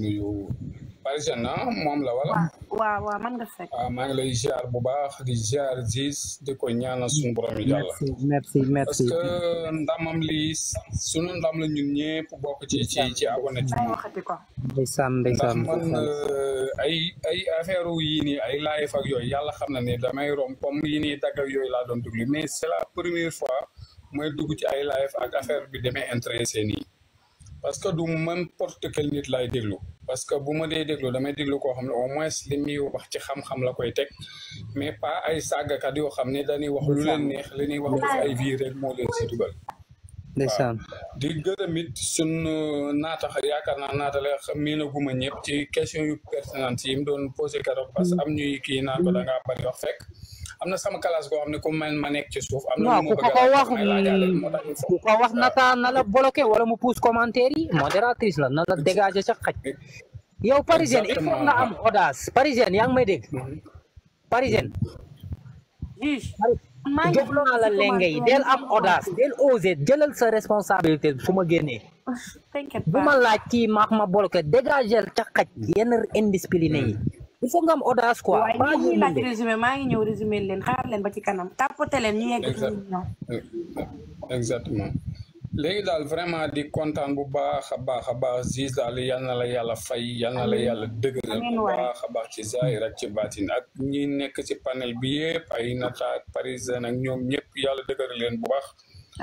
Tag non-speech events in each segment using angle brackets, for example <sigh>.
nuyu Marie-Jeanne ah moom la wala. waaw waaw man nga fekk. waaw ah, maa ngi lay ziar bu baax di ziar gis di ko ñaanal suñu borom yi la merci merci parce que ndamam li sunu ndam la ñun ñëpp bokk ci ci ci abonné ci. ndeysaan ndeysaan ndax man euh, ay ay affaire yii nii ay live ak yooy yàlla xam na ni damay rom comme yii nii dagg ak yooyu laa doon déglu mais c'est la première fois mooy dugg ci ay live ak affaire bi demee intéressé nii. parce que du n'importe porte nit laay déglu parce que bu ma dee déglu damay déglu koo xam ne au moins li muy wax ci xam-xam la koy teg mais pas ay sàggkat yoo xam ne dañuy wax lu leen neex li ñuy wax ay vie rek moo leen si dugal. ndeysaan di gërëm it sunu naatax yaakaar naa naatale miinaguma ñëpp ci question yu pertinente yi mu doon posé keroog parce que am ñuy kii naa ko da ngaa bari wax fekk. amna sama kalas go xam ne man ma nek ci souf amna mo ko ko wax ko ko wax nata na la bloquer wala mo pousse commentaire yi modératrice la na la dégager ca xaj yow parisien il faut na am audace parisienne yaa ngi may dégg parisienne jox naa la lenge yi del am audace del osé jëlal sa responsabilité su ma génnee bu ma laaj kii maax ma bloqué dégagé ca xaj yenn indiscipliné yi mm. il faut nga am audace quoi. maa ngi laaj résumé maa ngi ñëw résumé leen xaar leen ba ci kanam tàppate leen ñu yegg ci ñoom. exactement léegi daal vraiment di kontaan bu baax a baax a baax Ziz daal yal na la yàlla fay yal la yàlla dëgëral bu baax a baax ci zaahir ak ci baatin ak ñi nekk ci panel bi yëpp ay nata ak parisien ak ñoom ñëpp yàlla dëgëral leen bu baax.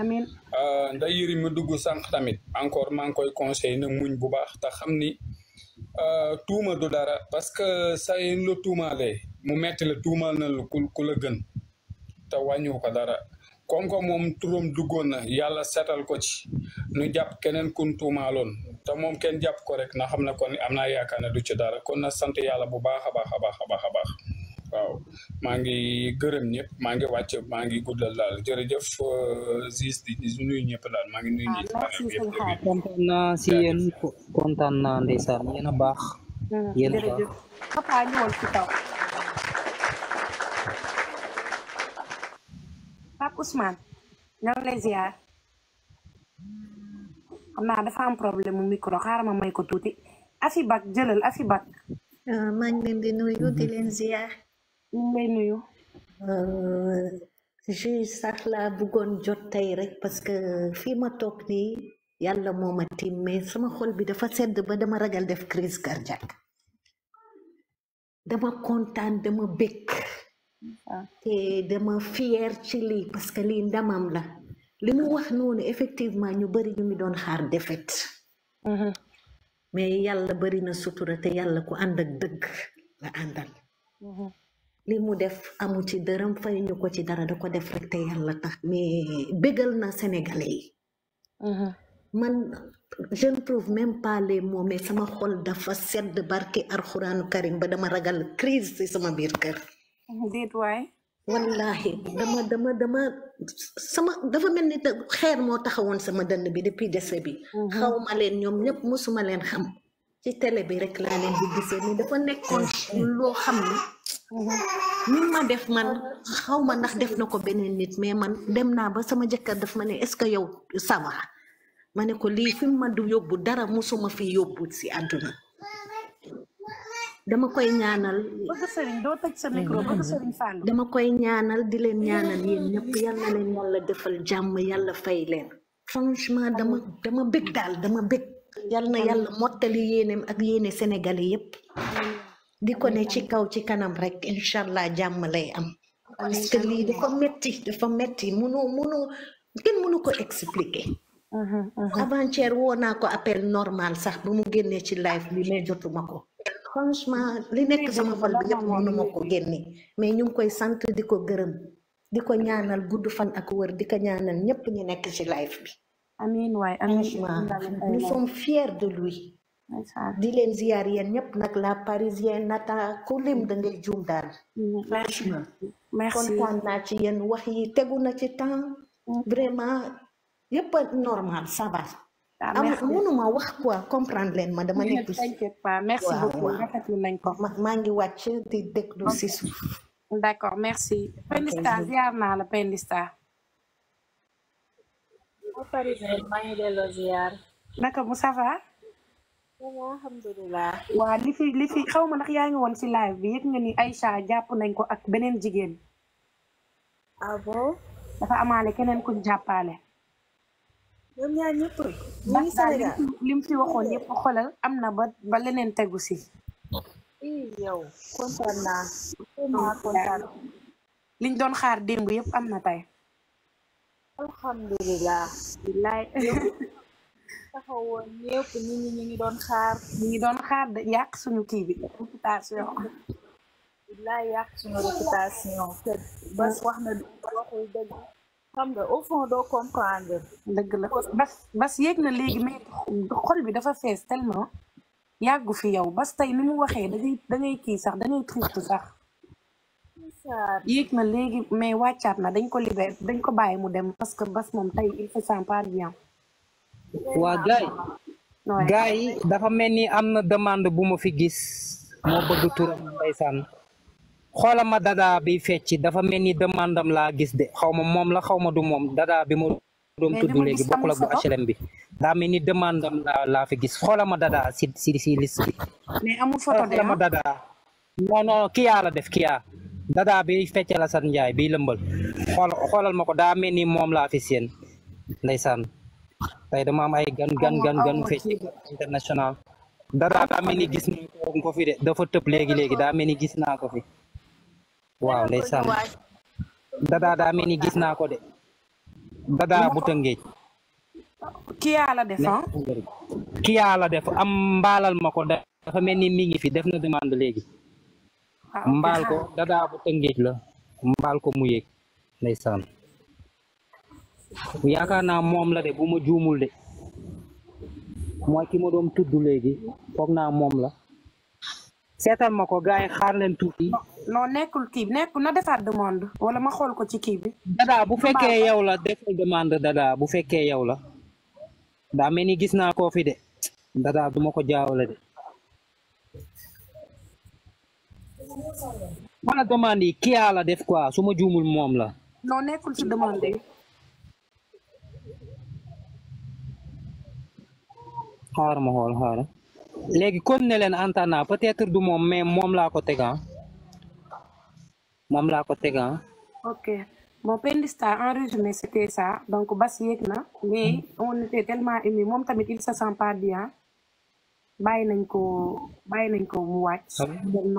amiin ah, nda yëri mu dugg sànq tamit encore maa ngi koy conseil na muñ bu baax te xam ni. Euh, tuuma du dara parce que saa yu la tuumaalee mu metti la tuumaal na la ku ku la gën ko dara comme que moom turam duggoon na yàlla seetal ko ci nu jàpp keneen kun tuumaaloon te moom kenn jàpp ko rek na xam ne kon am naa yaakaar ne du ci dara kon na sant yàlla bu baax a baax a baax a baax a baax waaw maa ngi gërëm ñëpp maa ngi wàcc maa ngi guddal daal jërëjëf euh, Ziz di daal maa ngi nuyu ñëpp. Ah, naa si yéen kontaan naa ndeysaan yéen a baax. Hmm, yéen a baax papa ñëwal ci kaw. Pape Ousmane. ñoo ngi lay ziar. xam naa dafa am problème mu micro xaaral may ko tuuti. Afibak jëlal Afibak. Ah, maa ngi leen di mhm. leen ziar. ñu ngi lay nuyu. Euh, je sax laa bëggoon jot tey rek parce que fii ma toog nii yàlla moo ma tiim mais sama xol bi dafa sedd ba dama ragal def crise cardiaque dama kontaan dama bëgg ah. te dama fier ci lii parce lii ndamam la li mu wax noonu effectivement ñu bari ñu mi doon xaar défaite mm-hmm. mais yàlla bari na sutura te yàlla ku ànd dëgg la àndal mm-hmm. li mu def amu ci dërëm fay ñu ko ci dara da ko def rek te yàlla tax mais bégal na sénégalais yi mhm. man je ne trouve même pas moom mais sama xol dafa sedd barki alxuraanu karim ba dama ragal crise si sama biir kër déet waay wallahi dama dama dama sama dafa mel ni xeer moo taxawoon sama dënn bi depuis décès bi mhm. xawma leen ñoom ñëpp musuma leen xam ci télé bi rek laa leen di gisee ni dafa nekkoon ah, loo xam ne mhm. ni ma def man xaw ma ndax def na ko beneen nit mais man dem naa ba sama jëkkër daf ma ne est-ce que yow sama ma ne ko lii fi ma du yóbbu dara musuma fi yóbbu si àdduna dama koy ñaanal mhm. dama koy ñaanal di leen ñaanal yéen ñëpp yal leen yàlla defal jàmm yàlla fay leen franchement dama dama bëgg daal dama bëgg yal na yàlla mottali yéenem ak yéene sénégalais yépp di ko ne ci kaw ci kanam rek incha allah jàmm lay am parce que lii dafa metti dafa metti munu munu kenn munu ko expliquer avant woo naa ko appel normal sax bu mu génnee ci live bi mais jotuma ko li nekk sama xol bi yëpp mënu ma ko génne mais ñu ngi koy sant di ko gërëm di ko ñaanal gudd fan ak wër di ko ñaanal ñépp ñu nekk ci live bi amiin waay amiin nous sommes fiers de lui. di leen ziyaar yéen ñëpp nag la parisienne nata ku lim da ngay juum daal. Mm-hmm. franchement. merci kontaan naa ci yéen wax yi tegu na ci temps. Mm-hmm. vraiment yëpp normal ça va. amul ah, ah, mënuma wax quoi comprendre leen ma dama nekk. <laughs> merci beaucoup rafetlu nañ ko. maa ngi wàcc di déglu si suuf. d'accord merci. Pendista ziyaar naa la Pendista. maa ngi delloo ziar. naka mu ça waa li fi li fi xaw ma ndax yaa ngi woon ci live bi yëg nga ni Aïcha jàpp nañ ko ak beneen jigéen. Ah dafa amaale keneen kuñ jàppale ñoom ñaar fi waxoon yëpp xoolal am na ba leneen tegu si. liñ doon xaar démb yëpp am na tey. alhamdulilah billaay taxawoon ñëpp ñu ngi ñu ngi doon xaar ñu ngi doon xaar de yàq suñu kii bi réputation billaay yàq suñu réputation te bas wax na waxul dëgg xam nga au fond doo comprendre dëgg la bas bas yéeg na léegi mais xol bi dafa fees tellement yàggu fi yow bas tey ni mu waxee dangay dangay kii sax dangay triste sax yéeg na léegi mais wàccaat na dañ ko libéré dañ ko bàyyi mu dem parce que bas moom tey il se sent waa gars yi yi dafa mel ni am na demande bu ma fi gis moo bëgg turam ndeysaan xoolal ma dadaa bi fecci dafa mel ni demande am laa gis de xaw ma moom la xaw ma du moom dadaa bi ma doon tudd léegi bokkul ak bu HLM bi daa mel ni demande laa laa fi gis xoolal ma dadaa si si si liste bi. Ah? dadaa non non kii def kii yaa dadaa bi feccal Assane Ndiaye bi lëmbal xoolal ma ko daa mel ni moom laa fi seen ndeysaan tey dama am ay gan gan gan fecc international dadaa daa mel ni gis naa ko de léegi léegi daa mel ni gis naa ko fi dadaa gis naa ko de dadaa bu tëngeej kiyaa ah? la def am mbaalal ma ko dafa mel ni mi ngi fi def na demande léegi mbaal ko dadaa bu tëngéej la mbaal ko mu yéeg ndeysaan yaakaar naa moom la de bu ma juumul de mooy ki ma doom tudd léegi foog naa moom la seetal ma ko gars yi xaar leen tuuti. non nekkul kii bi nekkul na defaat demande wala ma xool ko ci kii bi. dadaa bu fekkee yow la defal demande dadaa bu fekkee yow la daa mel ni gis naa koo de dadaa du ma ko jaawale de. Mana demande yi kii la def quoi suma djumul mom la. non nekul demandé xaar xaar kon ne len antana peut-être du mom mais mom la ko tégan mom la ko tégan ok bon Pendistar en résumé c'était ça donc Bass na mais on oh, était tellement aimé mom tamit il se sent pas bien bay nañ ko bay nañ ko mu wacc dem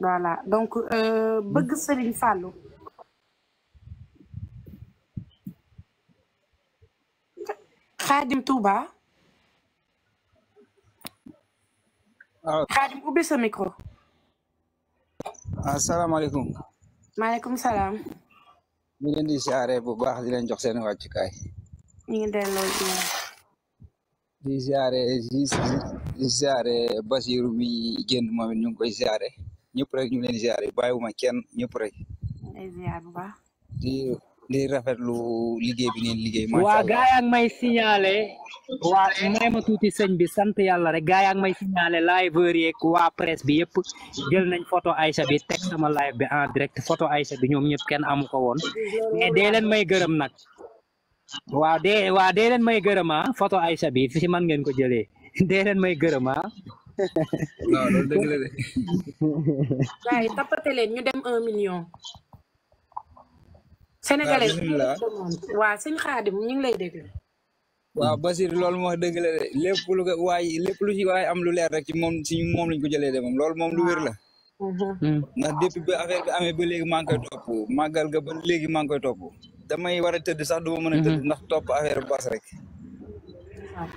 voilà donc euh, bëgg Serigne Fallou Xaadim Touba Xaadim ah. ubbi sa micro asalaamaaleykum ah, maaleykum salaam ñu leen di siyaare bu di leen jox seen wàccukaay ñu ngi di ziare di ziare Basiru mi génn moom it ñu ngi koy ziare ñëpp rek ñu leen ziare bàyyiwuma kenn ñëpp rek. di di rafetlu liggéey bi ngeen liggéey. macha waa gaa may signalé waa may ma tuuti sëñ bi sant yàlla rek gaa yaa ngi may signalé live yeeg waa presse bi yëpp jël nañ photo Aïcha bi teg sama live bi en direct photo Aïcha bi ñoom ñëpp kenn amu ko woon mais may gërëm nag. Wadai, wadai may గరమా ma, foto B <laughs> <laughs> nah, <laughs> nah, si గన్ కో జలే దేరన్ మై గరమా non deug la de gaay tapate len ñu dem 1 million sénégalais Wa, sëñ xaadim ñu lay dégg Wa, Basir mo la lu waay lu ci waay am lu leer rek ci moom ci moom lañ ko jëlee de mom. loolu mom lu wér la ndax depuis ba affaire bi ba ngi topu. Magal ga ba ngi topu. damay war a tëdd sax du ma mën a tëdd mhm. ndax topp affaire bas rek ah.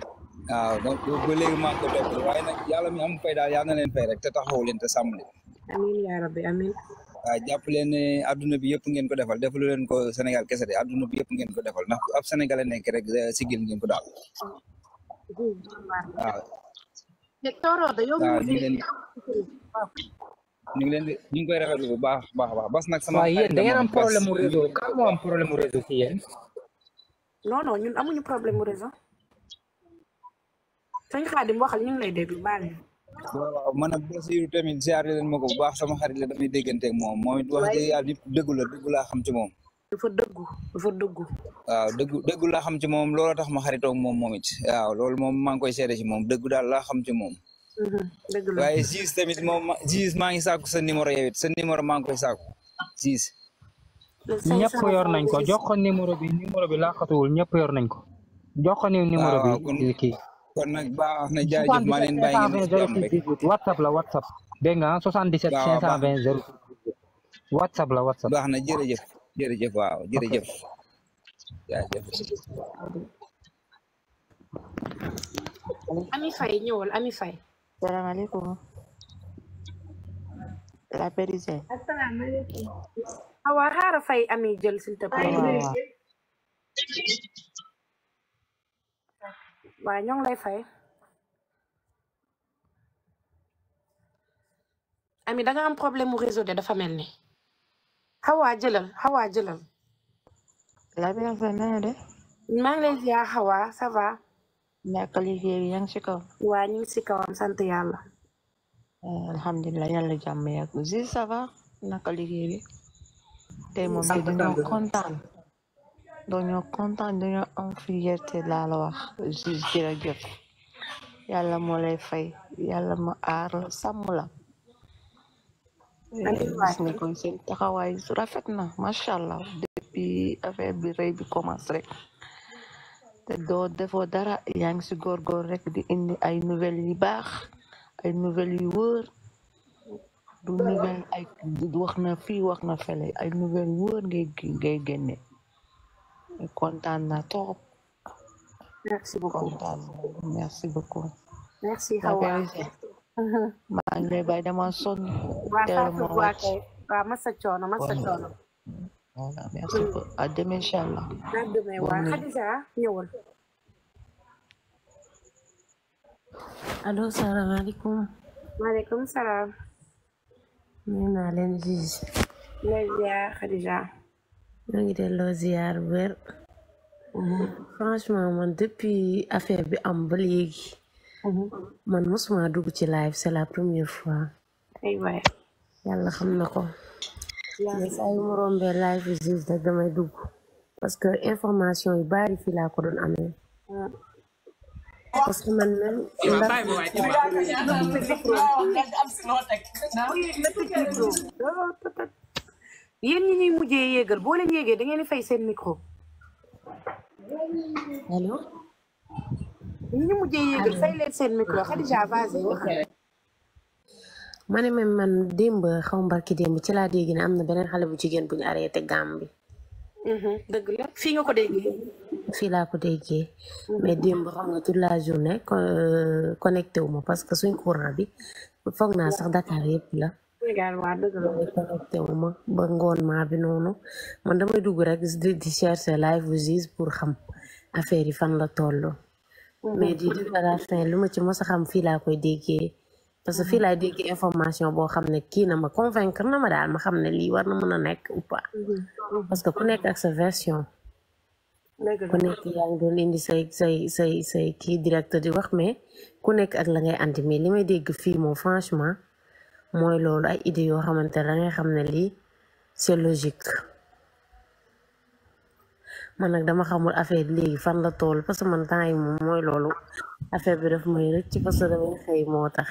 waaw donc ba léegi maa ngi ko topp waaye yàlla mi am fay daal yàlla leen fay rek te taxaw leen te sàmm leen amiin jàpp leen ne adduna bi yëpp ngeen ko defal defalu leen ko senegal kese de adduna bi yëpp ngeen ko defal ndax ab Sénégalais nekk rek eh, sigil ngeen ko daal ah. waaw waaw ñu ngi leen di ñu ngi koy rafetlu bu baax baax baax bas nag sama. waaw yéen da ngeen am problème mu réseau kan moo am problème mu réseau ci yéen. non non ñun amuñu problème ñu ngi lay déglu baale. waaw man ak Basiru tamit ziare leen ma ko bu baax sama xarit la damay dégganteeg moom moom it wax laa xam ci moom. dafa dëggu dafa dëggu. waaw dëggu dëggu laa xam ci moom looloo tax ma xaritoog moom moom it waaw moom maa ngi koy seede ci moom dëggu daal laa xam ci moom. dëgg la waaye Ziz tamit moom Ziz maa ngi sàkku sa numéro yow sa numéro maa koy sàkku Ziz. ñëpp yor nañ ko jox ko bi numéro bi laaxatuwul ñëpp yor nañ ko jox ko numéro bi kii. kon nag baax na jaajëf maa leen bàyyi ngeen whatsapp la whatsapp dégg nga 77 520 0 whatsapp la whatsapp. baax na jërëjëf jërëjëf waaw jërëjëf jaajëf. Ami Faye ñëwal Ami Faye. Salaam alaikum. La périsée. asalaamaaleykum. fay ami jël s'il te plaît. waaw ñoo ngi lay fay. ami da am problème mu réseau de dafa mel ni. xawa jëlal xawa jëlal. la périsée de. maa ngi lay ziar xawa ça naka liggéey bi yaa ngi si kaw. waa ñu kawam sant yàlla. Eh, alhamdulilah yàlla jàmm yaa ko zi naka liggéey bi. tey moom bi dañoo kontaan. dañoo kontaan dañoo am fierté laa la wax zi jërëjëf. yàlla moo fay yàlla ma aar la sàmm la. Eh, gis nga taxawaay rafet na macha allah depuis affaire bi rëy bi commencé te doo defoo dara yaa ngi si góorgóor rek di indi ay nouvelle yu baax ay nouvelles yu wóor du nouvelle wax na fii wax na fële ay nouvelle wóor ngay ngay génne kontaan na trop. merci beaucoup kontaan merci beaucoup. merci maa ngi bay dama sonn. waaw Fatou Voilà, merci. beaucoup. À demain, Inch'Allah. À demain, ouais. Khadija, ñëwal. Allô, salam Maaleykum salaam. ñu naa leen gis. la Khadija. ñoo ngi delloo ziar wér. Mhm. franchement man depuis affaire bi am ba léegi. Mhm. man mosuma dugg ci live c'est la première fois. aywa yàlla xam na ko. mais saa yu mu rombee live juge rek damay dugg parce que information yu baari fii laa ko doon amee ah. parce que man même yéen ñi ñuy mujjee yéegal boo leen yéegee da ngeen di fay seen micro allo ñi ñu mujjee yéegal fay leen seen micro Khadija vas-y ma ne même man démb xaw mbarki démb ci laa dégg ne am na beneen xale bu jigéen bu ñu arrêté fii laa ko déggee. mais démb xam nga toute la journée connecté wu ma parce que suñ courant bi foog naa sax Dakar yëpp la. ma ba ngoon maa bi noonu man damay dugg rek di di chercher live vous pour xam affaire yi fan la toll. mais di déglu à la fin lu ma ci mos a xam fii laa koy déggee. parce que fii lay dégg information boo xam ne kii na ma convaincre na ma daal ma xam ne lii war na mën a nekk ou pas mhm. parce que ku nekk ak sa version ku nekk yaa ngi doon indi say say say kii directeur di wax mais ku nekk ak la ngay andi mais li may dégg fii moo franchement mooy loolu ay idées yoo xamante ne da ngay xam ne lii c'est logique man dama xamul affaire léegi fan la tool parce que man temps yi moom mooy loolu affaire bi daf may rëcc parce que xëy moo tax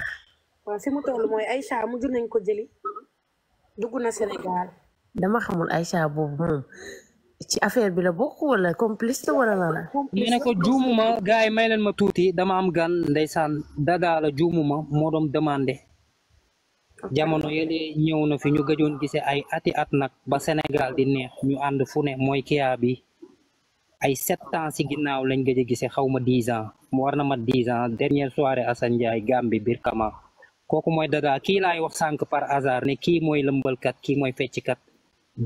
waaw fi mu toll mooy Aïcha mujj nañ ko jëli dugg na Sénégal. dama xamul Aïcha boobu moom ci affaire bi la bokk wala complice wala la la. nee ko juumuma gars yi may leen ma tuuti dama am gan ndeysaan dadaa la juumuma moo doon demandé. jamono yële ñëw na fi ñu gëjoon gise ay ati at nag ba Sénégal di neex ñu ànd fu ne mooy kiyaa bi ay sept ans si ginnaaw lañ gëj a gise xaw ma dix ans war na ma dix ans dernière soirée Assane Ndiaye Gambie biir Kama kooku mooy Dada kii laay wax sànq par hasard ne kii mooy lëmbalkat kii mooy fecckat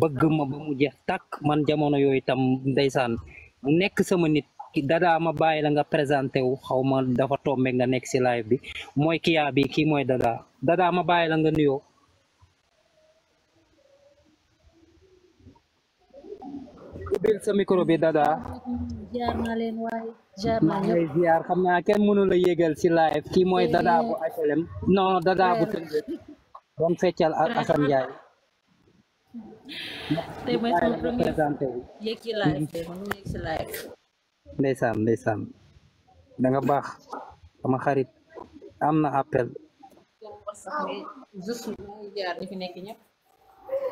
bëgg ma ba mu jeex tàkk man jamono yooyu tam ndeysaan mu nekk sama nit Dada ma bàyyi la nga présenté wu xaw ma dafa tombe nga nekk si live bi mooy kiyaa bi kii mooy Dada Dada ma bàyyi nga nuyoo. biir sa micro bi dada jaar na leen waaye jaar na ziar kenn mënu la yégal si live kii mooy eh, eh. dada bu HLM non dada bu tëngëj doon feccal <laughs> Assane Ndiaye tey mooy premier live tey mënu yéeg si live ndeysaan ndeysaan da nga baax sama xarit am appel juste ñi fi nekk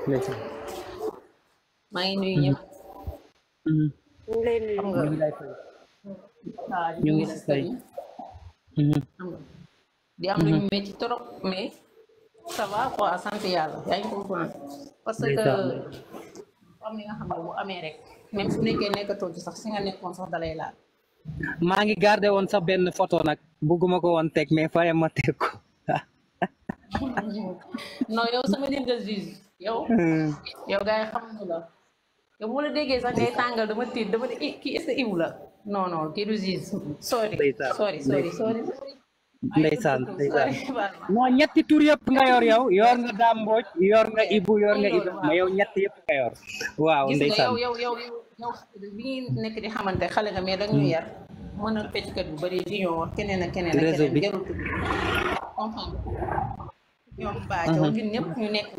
nuyu ñu ngi si fay di am mais ça va quoi sant yàlla yaa ngi comprendre parce que am li nga xam ne bu amee rek même su nekkee nekkatoo ci sax si nga nekkoon sax dalay laal maa ngi garde woon sax benn foto nag bugguma ko woon teg mais faye ma teg ko <laughs> non yow sama nit nga juge yow hmm. yow gars xam nga la yow moo la déggee sax ngay tàngal dama tiit dama ne kii est-ce que la non non du Ziz sorry sorry sorry sorry ndeysaan ndeysaan non ñetti tur yëpp nga yor yow yor nga Dame Mbodj yor nga Ibou yor nga Ibou ma yow ñetti yëpp nga yor waaw ndeysaan yow yow yow bi di xamante xale nga mais dañu yar bu bëri di ñoo wax ak keneen ak keneen jarul tudd ñu nekk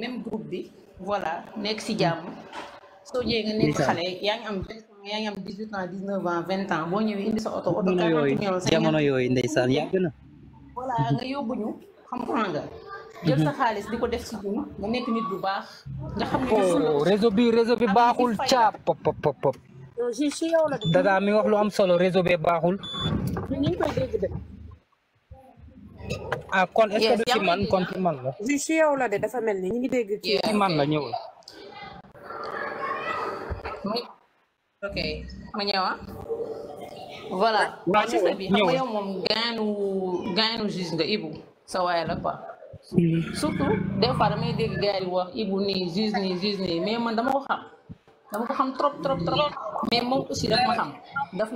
même groupe bi voilà nekk si jàmm soo jiyee nga nekk xale yaa ngi am vingt ans yaa ngi am dix huit ans dix neuf ans vingt ans boo ñëwee indi sa oto oto jamono yooyu ndeysaan yàgg na voilà nga yóbbu ñu xam nga mhm. jël sa xaalis di ko def si dund nga nekk nit bu baax nga xam ne oh, bi baaxul caap pop pop pop pop wax lu am solo réseau bi baaxul ah kon est-ce que du ci la ci yow la de dafa mel ni ñu ngi dégg ci man la ñëwul Oke, ok ma ñëwa voilà waaw ci sa ibu sa waay la quoi surtout des fois damay gars ibu nii juge nii juge nii mais man dama trop trop trop mais moom aussi daf ma xam daf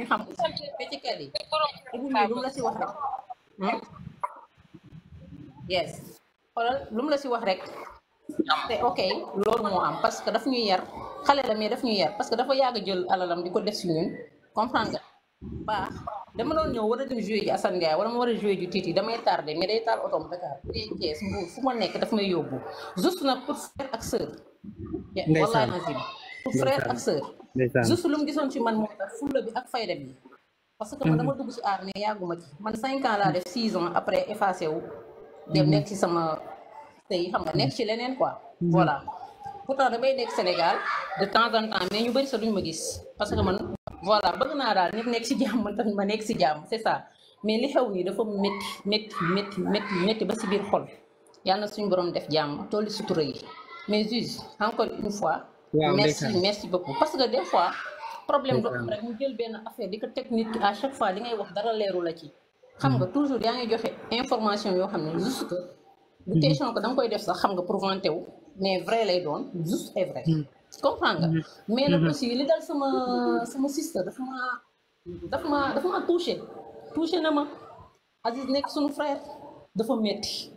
ibu nii lu mu hmm? yes xoolal belum si rek okay, lor loolu am xale la mais daf ñu yar parce que dafa yàgg jël alalam di ko def si ñun comprendre nga baax dama doon ñëw war a dem jouer ji Assane Ndiaye wala ma war a jouer ji Titi damay tardé mais day taal otoom fu ma nekk daf may yóbbu juste nag pour frère ak sœur wallaay nagim pour frère ak sœur juste lu mu gisoon ci man moo tax fulla bi ak fayda bi parce que man dama mhm. dugg ci aar mais yàgguma ci man cinq ans laa def six ans après effacé wu dem mhm. nekk ci sama tey xam nga nekk ci leneen quoi mhm. voilà pourtant damay nekk Sénégal de temps en temps mais ñu bari sa duñu ma gis parce que man voilà bëgg naa daal nit nekk si jàmm man ma nekk si jàmm c'est ça mais li xew nii dafa métti métti métti métti métti ba si biir xol yàlla na suñu borom def jàmm toolu sutura yi mais juste encore une fois. waaw merci merci beaucoup parce que des fois. problème du am rek mu jël benn affaire di ko teg nit ki à chaque fois li ngay wax dara leeru la ci. xam nga mm. toujours yaa ngi joxe information yoo xam ne juste que. du mm-hmm. question ko da nga koy def sax xam nga pour vanter wu. mais vrai lay doon juste et vrai mm. comprends nga mm-hmm. mais mm-hmm. nag aussi sama sama sister dafa ma dafa ma dafa ma touché touché na ma Aziz nekk suñu frère dafa metti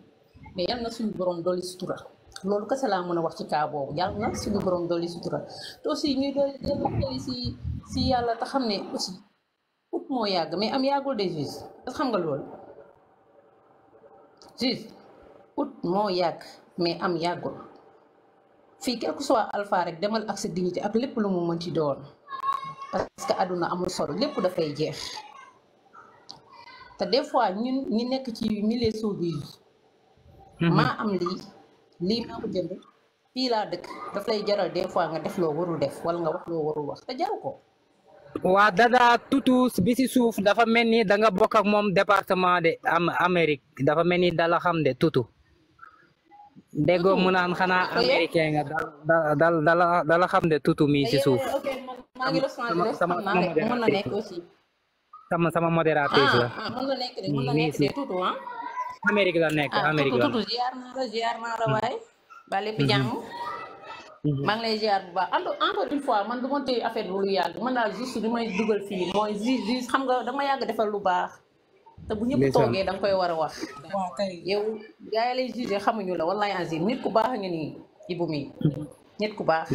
mais yal na suñu borom dolli sutura loolu kese laa mën a wax ci cas boobu yal na suñu borom dolli sutura te aussi ñuy dool dellu si si yàlla te xam ne aussi yàgg mais am yàggul des juges xam nga loolu juge ut moo yàgg mais am yàggul fi quel que soit alpha rek demal ak sa dignité ak lepp lu mu ci doon parce que aduna amul solo da fay jeex ta des fois ñun ñi nekk ci milieu soobu mhm. ma am li li ma ko jënd fi la dëkk da fay jaral des fois nga def lo warul def wala nga wax lo warul wax ta jaru ko wa Dada Tutus bi ci souf dafa mel ni da nga bok ak mom département de am Amérique dafa melni da dala xam de tutu dego hmm. mu naan xanaa oh, iya? américain nga dal dal dal dal xam de tutu mi ci souf sama sama modératrice la mi si Amérique la nekk Amérique la tutu ziar na la ziar na la way ba lépp jamm mang lay ziar bu ba anu, baax encore une fois man du ma affaire lu yag man dal juste li may fi moy juste xam nga dama yag defal lu bax te bu ñëpp dang koy wara a wax. waaw kay yow gaay lay jugé xamuñu la wallahi azim nit ku baax nga nii Ibou mi nit ku baax.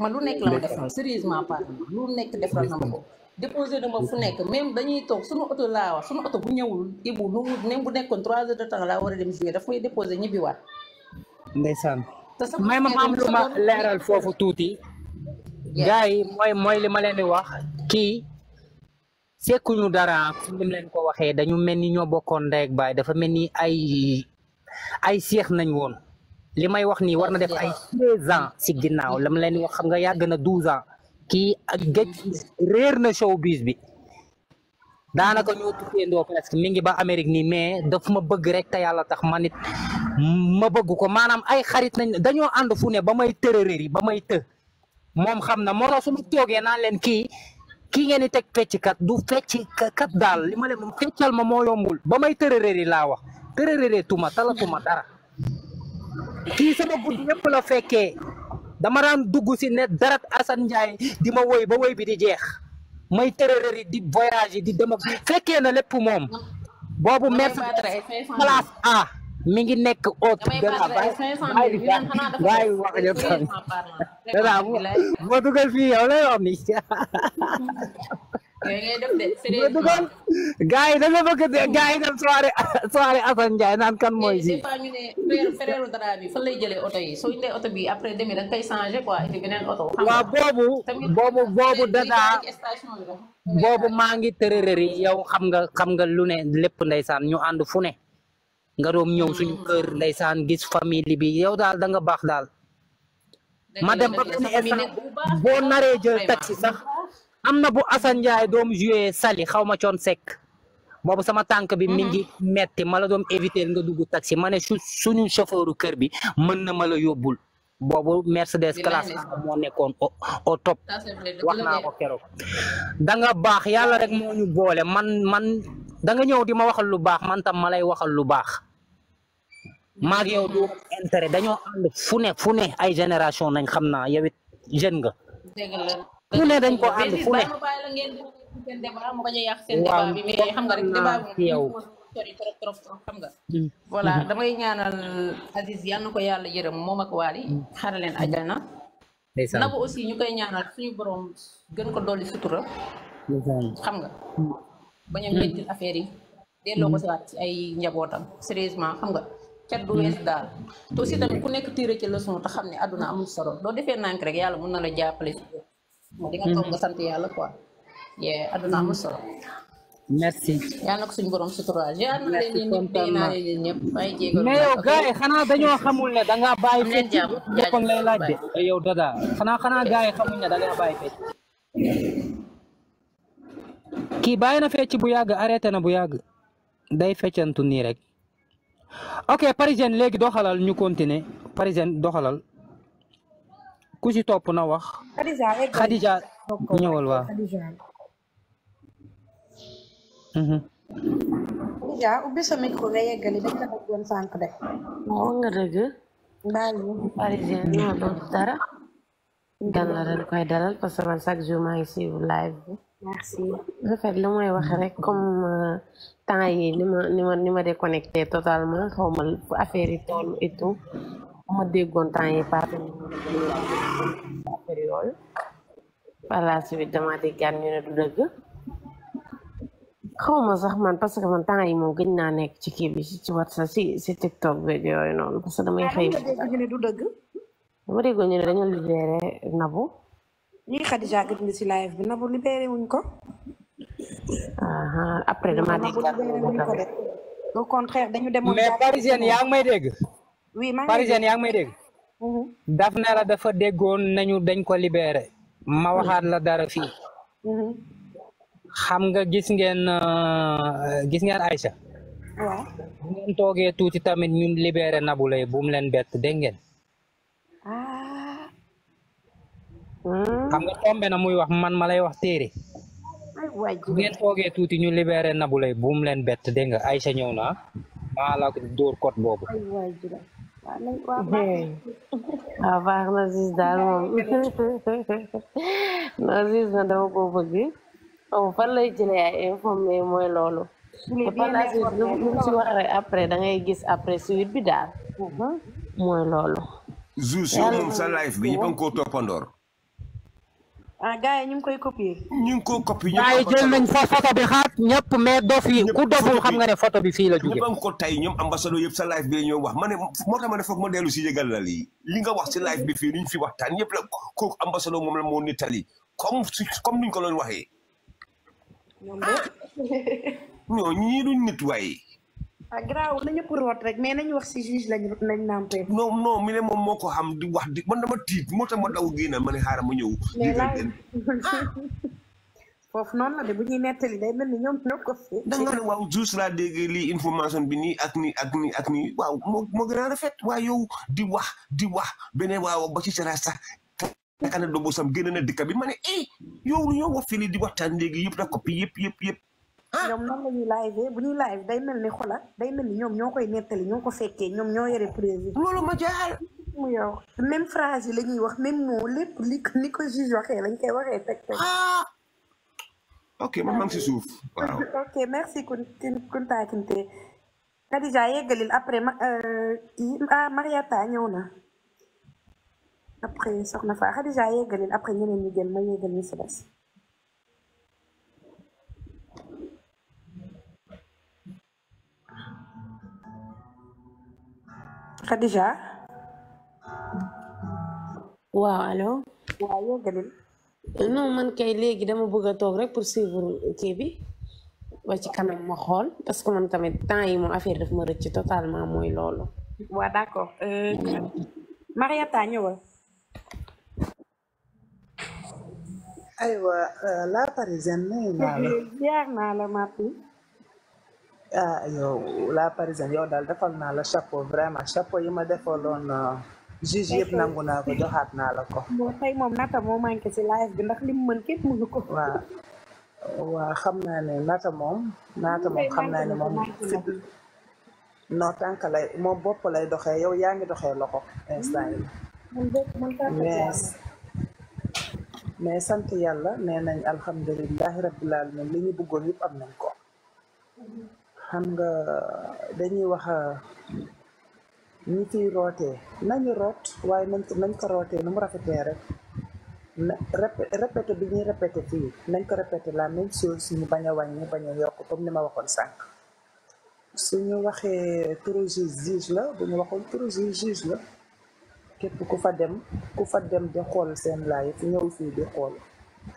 ma lu nek la ma defal sérieusement pardon lu nek defal na ma ko. déposé na ma fu nek même dañuy tok suñu auto la wax suñu auto bu ñewul ibu lu même bu nekkon 3 heures de temps la wara a dem jouer daf may déposer ñibi wat ndaysan may ma am lu ma leeral fofu tuuti. gaay moy moy li ma leen di wax ki sekkuñu dara fi mu leen ko waxee dañu mel ni ñoo bokkoon ndey ak baay dafa mel ni ay ay seex nañ woon li may wax nii war na def ay treize ans si ginnaaw la ma leen wax xam nga yàgg na douze ans kii ak géej réer na showbiz bi daanaka ñoo tukkee ndoo presque mi ngi ba Amérique nii mais daf ma bëgg rek te yàlla tax ma nit ma bëgg ko maanaam ay xarit nañ dañoo ànd fu ne ba may tërëréer yi ba may të moom xam na moo tax su ma leen kii kii ngeen di teg fecckat du fecc kat daal li ma leen moom feccal ma moo yombul ba may tërërëri laa wax tërërëri tuma talatuma dara kii sama guddi yëpp la fekkee dama daan dugg si ne darat Assane Ndiaye di ma woy ba woy bi di jeex may tërërëri di voyage di dem fekkee na lépp moom boobu merci classe A mi ngi nekk haute. waaye wax nga tànn danaa boo dugal fii yow lay wax ni. <laughs> gaa yi da nga bëgg gaa yi dem soirée <laughs> soirée Assane Ndiaye naan kan mooy si. mais ñu ne fereeru dara bi fan lay jëlee oto yi soo indee oto bi après demee da nga koy changé quoi indi beneen oto. waaw boobu boobu boobu danaa boobu maa ngi tërërëri yow xam nga xam nga lu ne lépp ndeysaan ñu ànd fu ne. nga doom ñëw suñu kër ndeysaan gis famille bi yow daal danga baax daal ma dem ba benn instant boo naree jël taxi sax am na bu Assane Ndiaye doom joué sali xaw ma coon sekk boobu sama tànk bi mi ngi mhm. metti ma la doom éviter nga dugg taxi ma ne suñu chauffeuru kër bi mën na ma la yóbbul boobu Mercedes classe moo nekkoon au top wax naa ko keroog da baax yàlla rek moo ñu boole man man da nga ñëw di ma waxal lu baax man tam ma lay waxal lu baax maag yow du intérêt dañoo ànd fu ne fu ne ay génération nañ xam naa yow it jeune nga. fu dañ ko ànd fu ne. waaw yow. Hmm. voilà hmm. damay ñaanal Aziz yal na ko yàlla yërëm moom ak Waly hmm. xaaral leen àjjana. na ko aussi ñu koy ñaanal suñu borom gën ko dolli sutura. xam nga. bañ a métti affaire yi. delloo ay njabootam sérieusement xam nga. cet du wees ya, hmm. daal to aussi tam ku nek tire ci leçon ta xamni aduna amul solo do defé nank rek yalla mën na la jappalé ci mo di nga toog hmm. nga sant yalla quoi ye aduna amul solo merci ya nak suñu borom suturaal ya na leen ni day naa leen ñëpp may jéego mais yow gaay xana dañu xamul ne da ngaa bàyyi fecc kon lay laaj yow dada xana xana gaay xamul ne da nga bàyyi fi ki bayina fecc bu yag arrêté na bu yag day feccantu ni rek ok parisienne léegi doxalal ñu continuer parisienne doxalal ku ci topp na wax. Khadija ñëwal waa. Khadija mhm. sànq de. moo nga dëgg. baal dara. gan la dañ koy dalal parce que man chaque jour live merci rafet lu may wax rek comme euh, temps yi ni ma ni ma ni ma déconnecté totalement xaw ma affaire yi toll et ma déggoon temps yi passé affaire yooyu par la suite dama déggaat ñu ne du dëgg xaw ma sax man parce que man temps yi moom gëj naa nekk ci kii bi ci WhatsApp si si TikTok beeg yooyu noonu parce damay xëy. dama du dëgg. dama déggoon ñu ne dañoo libéré Nabou. ñii xadi jaagit ngi ci live bi nabu libéré wuñ ko. après dama dégg au contraire dañu demoon. mais parisienne yaa ngi may dégg. oui ma parisienne yaa ngi may dégg. Mhm. daf na la dafa déggone nañu dañ ko libéré. ma mhm. waxat la dara fi mhm. xam nga gis ngeen euh, gis ngeen Aïcha. wa ngeen togué touti tamit ñun libéré Nabou lay bu mu len bett dégg ah. Hmm. xam nga tombe na muy wax man ma lay wax téere ngeen toogee tuuti ñu libéré Nabou Leye buum leen bett dégg nga Aïcha ñëw naa maa la dóor code boobu waaw baax na Aziz <laughs> daal moom Aziz <laughs> na dama ko bëgg mooy loolu te wax rek après da gis après suite bi daal mhm. mooy loolu Zou moom sa live bi ñëpp ngi koo toppandoor ah gars yi ñu koy copier. ñu ngi ko copier ñoom am jël nañ fa photo bi xaat ñëpp mais doo fi ku doful xam nga ne photo bi fii la jógee. ñëpp ko tey ñoom ambassadeur yëpp sa live bi la ñu wax ma ne ma ne foog dellu si yëgal la lii li nga wax si live bi fii ni ñu fi waxtaan ñëpp la ko ambassadeur moom la moo nettali comme comme ni ñu ko doon waxe ah! <laughs> ñoom ñii duñ nit waaye. Ah, graaw nañu ko root rek mais nañu wax si juge lañ nañ nampé non non mi ne moom moo xam di wax di man dama tiit moo ma daw génn ma ne xaaral ma ñëw <laughs> foofu la de bu ñuy day mel ni ñoom fi da nga ne waaw information bi ak ak ak waaw rafet yow di wax di wax beneen waaw ba ci sera sax takana dobo sam na bi eh yow yow wa fili di waxtaan léegi yëpp da ko yëpp yëpp yëpp Ah. ñoom noonu la live bu ñuy live day mel ni xola day mel ni ñoom ñoo koy nettali ñoo ko fekkee ñoom ñoo yore preuve yi. loolu ma jaaxal. mu yow même phrase yi la ñuy wax même mot lépp li ko ni ko juge waxee lañ koy waxee teg teg. Ah. ok merci kun Kunta Kinte. Khadija yeggalil après ma kii euh, ah ñëw na. après soxna Fa Khadija yeggalil après ñeneen ñu gën ma yeggalil si des. Khadija waaw allo waaw yeggalil non man kay léegi dama bëgg a toog rek pour suivre kii bi ba ci kanam ma xool parce que man tamit temps yi moom affaire daf ma rëcc totalement mooy loolu waa d'accord euh, Mariata ñëwal aywa euh, la parisienne nuyu naa la <laughs> ziar la Matou ah yow la Parisienne yow daal defal naa la chapeau vraiment chapeau yi ma defaloon ah, juge yëpp nangu naa ko joxaat naa la ko. bon tey moom nata moo bi ndax li mu mën képp xam naa ne nata moom. nata moom xam naa ne moom. non tànk lay moom bopp lay doxee yow yaa ngi doxe loxo instant mm. mais mais sant yàlla nee nañ alhamdulilah rabbil alamin li ñu bëggoon yëpp am nañ ko. Mm-hmm. xam nga dañuy wax ah, ñi fiy rootee nañu root waaye nañ ko nañ ko rootee nu mu rafetee rek na répété bi ñuy répété fii nañ ko répété la même chose ñu bañ a wàññi bañ yokk comme ni ma waxoon sànq suñu waxee turu juge la bu ñu waxoon turu juge la képp ku fa dem ku fa dem di xool seen laay fi ñëw fii di xool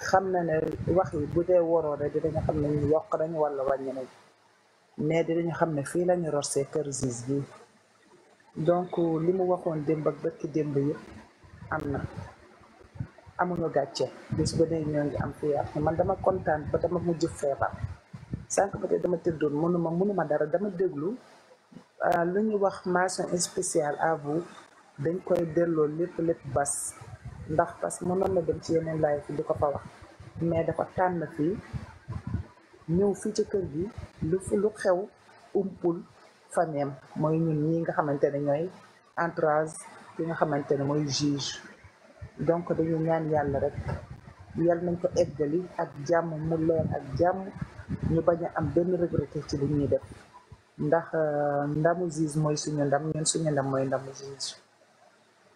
xam na ne wax yi bu dee waroo rek dinañ xam ne ñu yokk nañ wala wàññi nañ mais dinañu xam ne fii lañu rorsee kër Ziz bi donc li mu waxoon démb ak bëkki démb yëpp am na amuñu gàcce bis ba ne ñoo ngi am fiyaat man dama kontaan ba dama mujj feebar sànq ba tey dama tëddoon mënuma mënuma dara dama déglu euh, lu ñu wax mention spéciale à vous dañ koy delloo lépp lépp bas ndax parce que mënoon na dem ci yeneen live di ko fa wax mais dafa tànn fii ñëw fii ci kër gi lu lu xew umpul fameem mooy ñun ñi nga xamante ne ñooy entourage bi nga xamante ne mooy juge donc dañu ñaan yàlla rek yal nañ ko eggali ak jàmm mu leer ak jàmm ñu bañ a am benn regretté ci li ñuy def ndax euh, ndamu juge mooy suñu ndam ñun suñu ndam mooy ndamu juge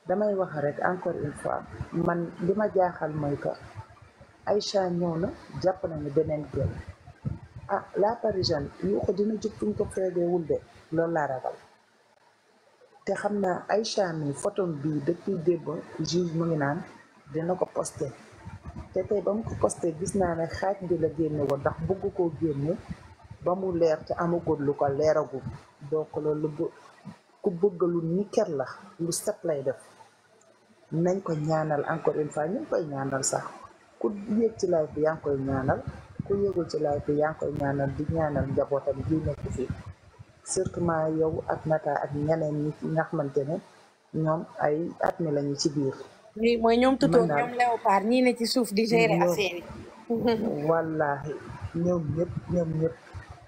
damay wax rek encore une fois man li ma jaaxal mooy que Aïcha ñëw na jàpp nañu beneen gel ah la parisienne yu ko dina jub fuñ ko feegeewul de loolu laa ragal te xam naa ay mi photo bii depuis démb juge mu ngi naan dina ko posté te tey ba mu ko posté gis naa ne xaaj bi la génne woon ndax bëgg koo génne ba mu leer te amagul lu ko leeragul donc loolu lu ku bëgg lu nikel la lu set lay def nañ ko ñaanal encore une fois ñu koy ñaanal sax ku yéeg ci live bi yaa ngi koy ñaanal ku yëgul ci laay bi yaa ngi koy ñaanal di ñaanal njabootam gi nekk fi surtout ma yow ak nata ak ñeneen ñi nga ne ñoom ay at mi lañu ci biir. mooy ñoom tutoo ñoom ñii ne ci suuf di gérer affaire yi. <laughs> wallaahi ñoom ñëpp ñoom ñëpp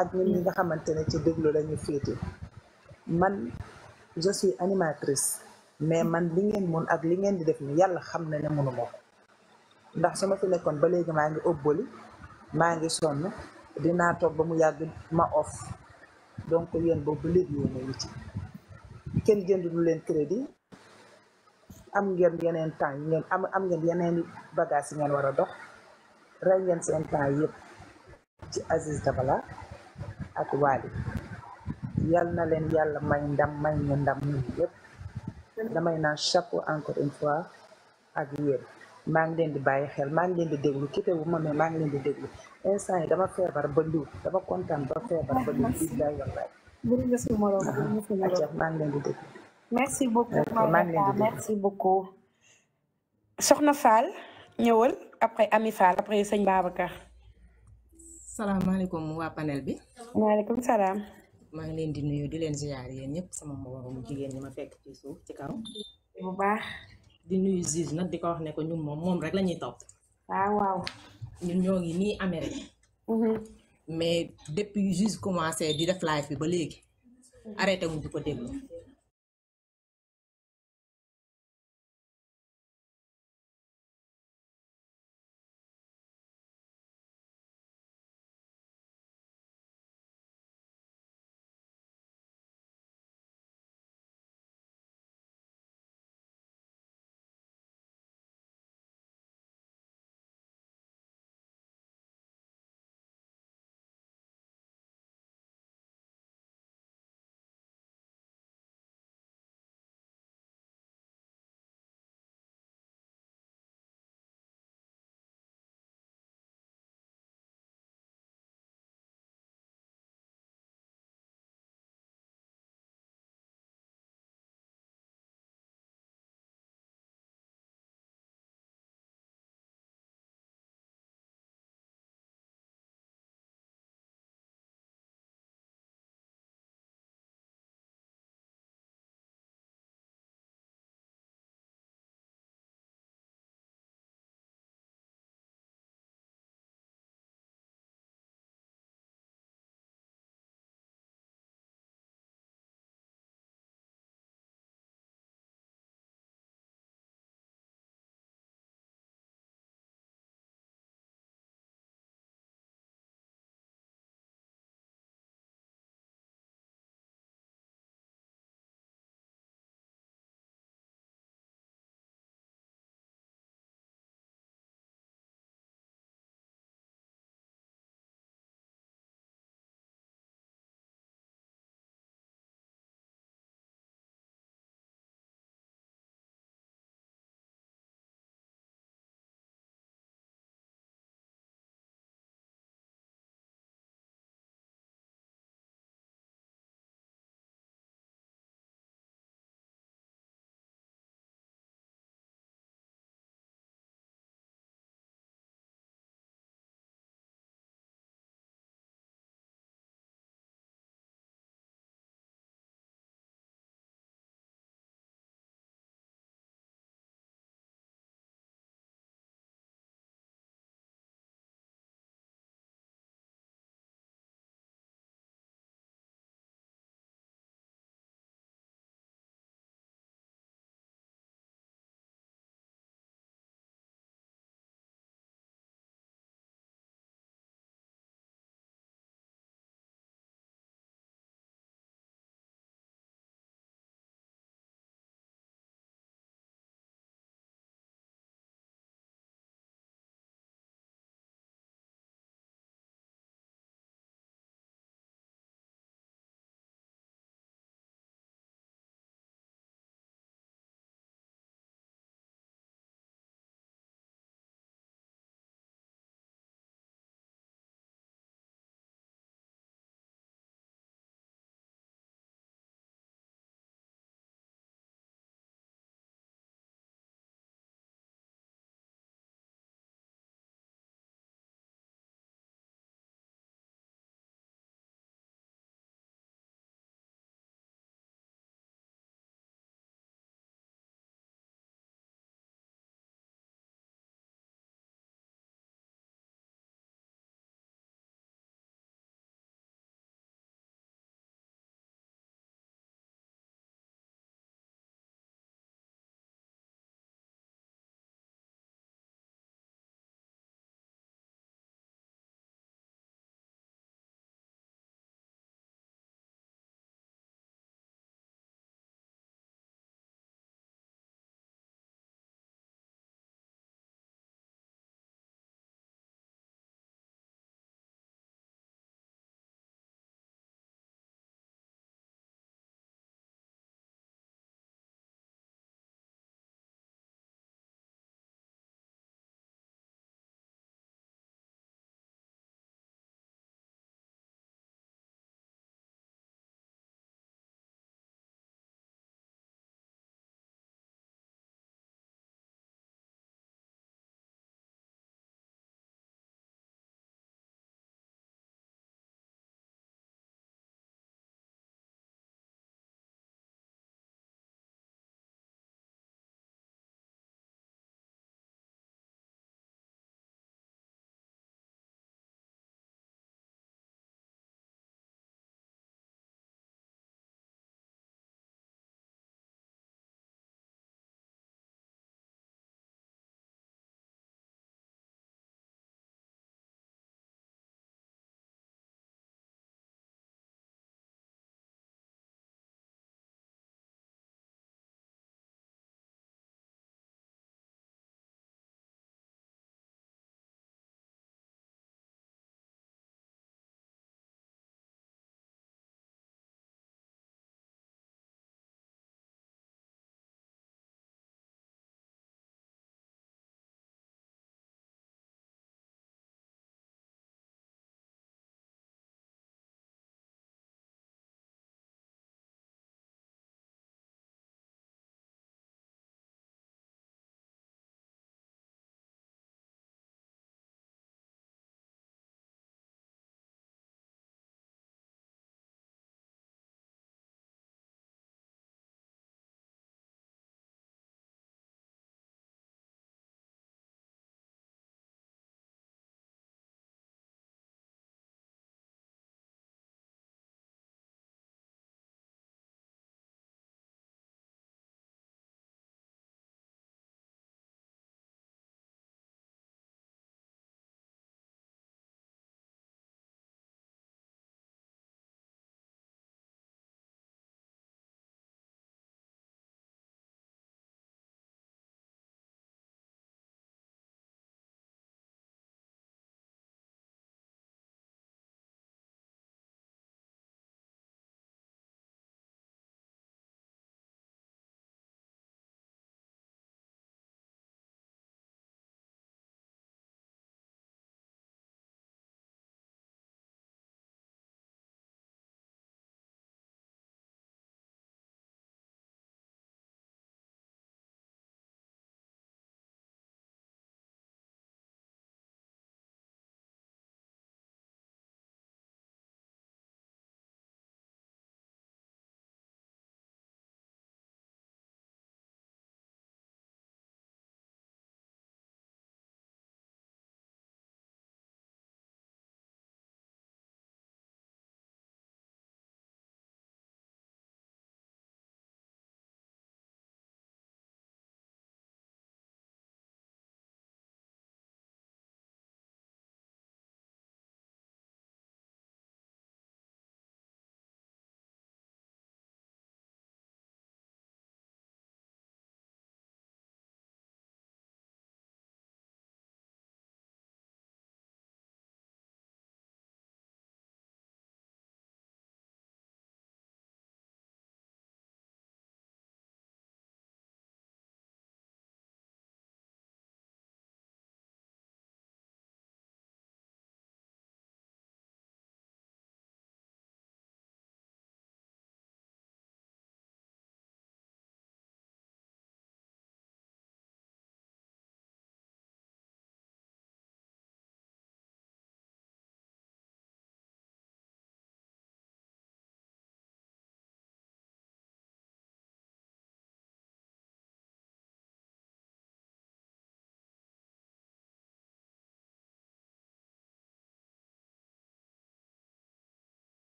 ak ñun ñi nga xamante ne ci déglu lañu féete man je animatrice mais man li ngeen mun ak li ngeen di def ni yàlla xam ne ne mënu ma ko ndax su ma fi nekkoon ba léegi maa ngi ëbbali maa ngi sonn dinaa toog ba mu yàgg ma off donc yéen boobu léegi yéen a ngi ci kenn jëndul leen crédit am ngeen yeneen temps yi ngeen am am ngeen yeneen bagage yi ngeen war a dox rey ngeen seen temps yëpp ci Aziz Dabala ak Wally yal na leen yàlla may ndam may ñu ndam ñun yëpp damay naan chapeau encore une fois ak yéen maa ngi leen di bàyyi xel maa leen di déglu kite wu ma mais maa ngi leen di déglu instant yi dama feebar ba liw dama kontaan ba feebar ba liw bi lay wallaay maa ngi leen di déglu merci beaucoup Mawla merci beaucoup soxna Fall ñëwal après Ami Fall après sëñ Babacar salaamaaleykum waa panel bi waaleykum salaam maa ngi leen di nuyu di leen ziar yéen ñëpp sama moromu jigéen ñi ma fekk ci suuf ci kaw bu baax di nuyu juge nag di ko wax ne ko ñun moom moom rek la ñuy topp. waaw ah, waaw. ñun ñoo ngi nii Amérique. Mm-hmm. mais depuis juge commencé di def live bi ba léegi. Mm-hmm. arrêté wuñ di ko déglu.